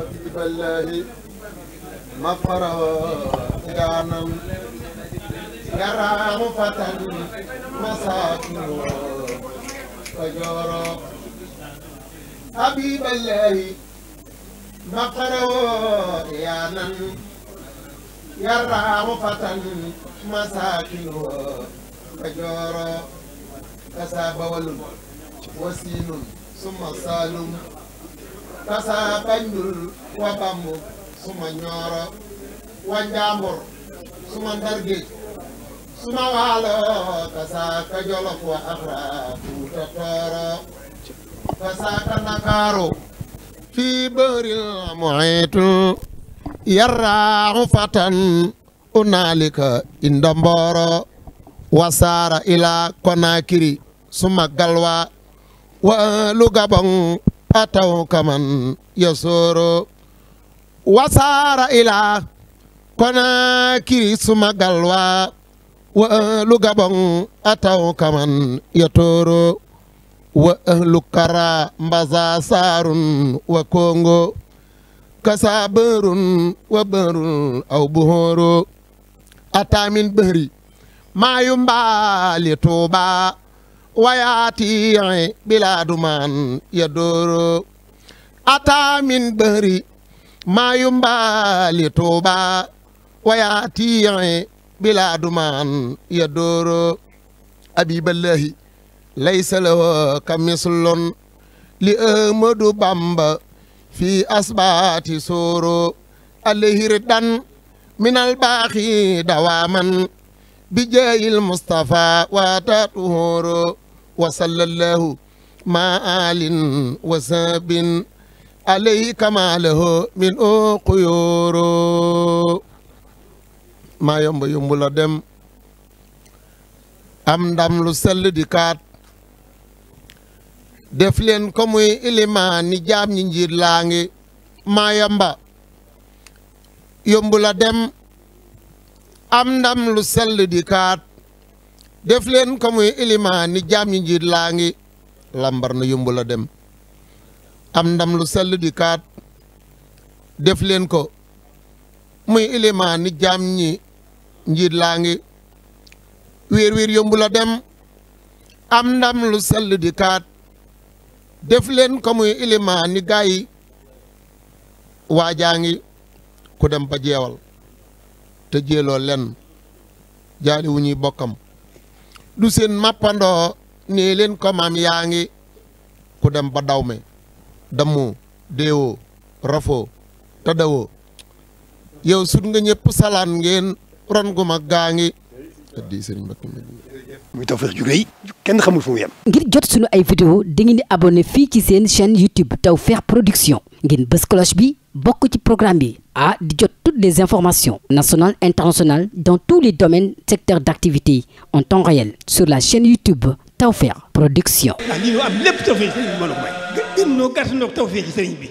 حبيب الله مفره إدانا يرى فتى مساكن وجورا حبيب الله مفره إدانا يرى فتى مساكن وجورا كساب والم وسين ثم سالم tasa Banjul wa Bambu suma Ñooro wa Njaambur suma Ndargéej suma Waalo tasa ka Jolof wa Afra Fuuta Tooro tasa ka Ndakaaru fi bëhril muhiitu yarraahu fatan unaalika inda Mbooro wa saara ila Konaakiri suma Galwa wa lu Gabon أتوا كمن يسور وسار إلى كناكي سما قلوا وأهل قبن أتوا كمن يتور وأهل كرا مبزا سار وكونغو كسابر وبر أو بهور أتا من بهري ما يمبالي توبا wayaati bilaadu maan ya ataa min bëri maayu mbaali tuuba wayaati bilaadu maan ya dooro abiballahi laysa lahu ka mislun li ahmadu bamba fi asbaati sooro alihir dan min albaaxi dawaaman بجاه المصطفى واتى طهور وصلى الله مع آل وساب عليه كما له من قيور maa yomb yomb la dem am ndam lu sell di kaat def leen ko muy ilimaan ni jaam ñi njiit maa yomba la dem am ndam lu sell di kaat def leen ko muy ilimaan ni jaam yi njiit laa ngi lambar na yumb la dem am ndam lu sell di kaat def leen ko muy ilimaan ni jaam ñi njiit laa ngi wiir wiir yomb la dem am ndam lu sell di kaat def leen ko muy ilimaan ni gaay waajaa ngi ku dem ba jeewal te jéeloo lenn jaali wu ñuy bokkam du seen mappandoo nii leen ko maam yaa ngi ku dem ba daw me dammoo déewoo rafoo tadawoo yow sut nga ñëpp salaan ngeen ron gu mag gaa ngi addi Serigne Mbacké ngir jot sunu ay vidéo dangeen di abonné fii ci seen chaîne YouTube Tawfekh Production ngeen bës bi bokk ci programme bi ah di jot toutes des informations nationales internationales dans tous les domaines secteurs d'activité en temps réel sur la chaîne YouTube Tawfekh Production. ah lii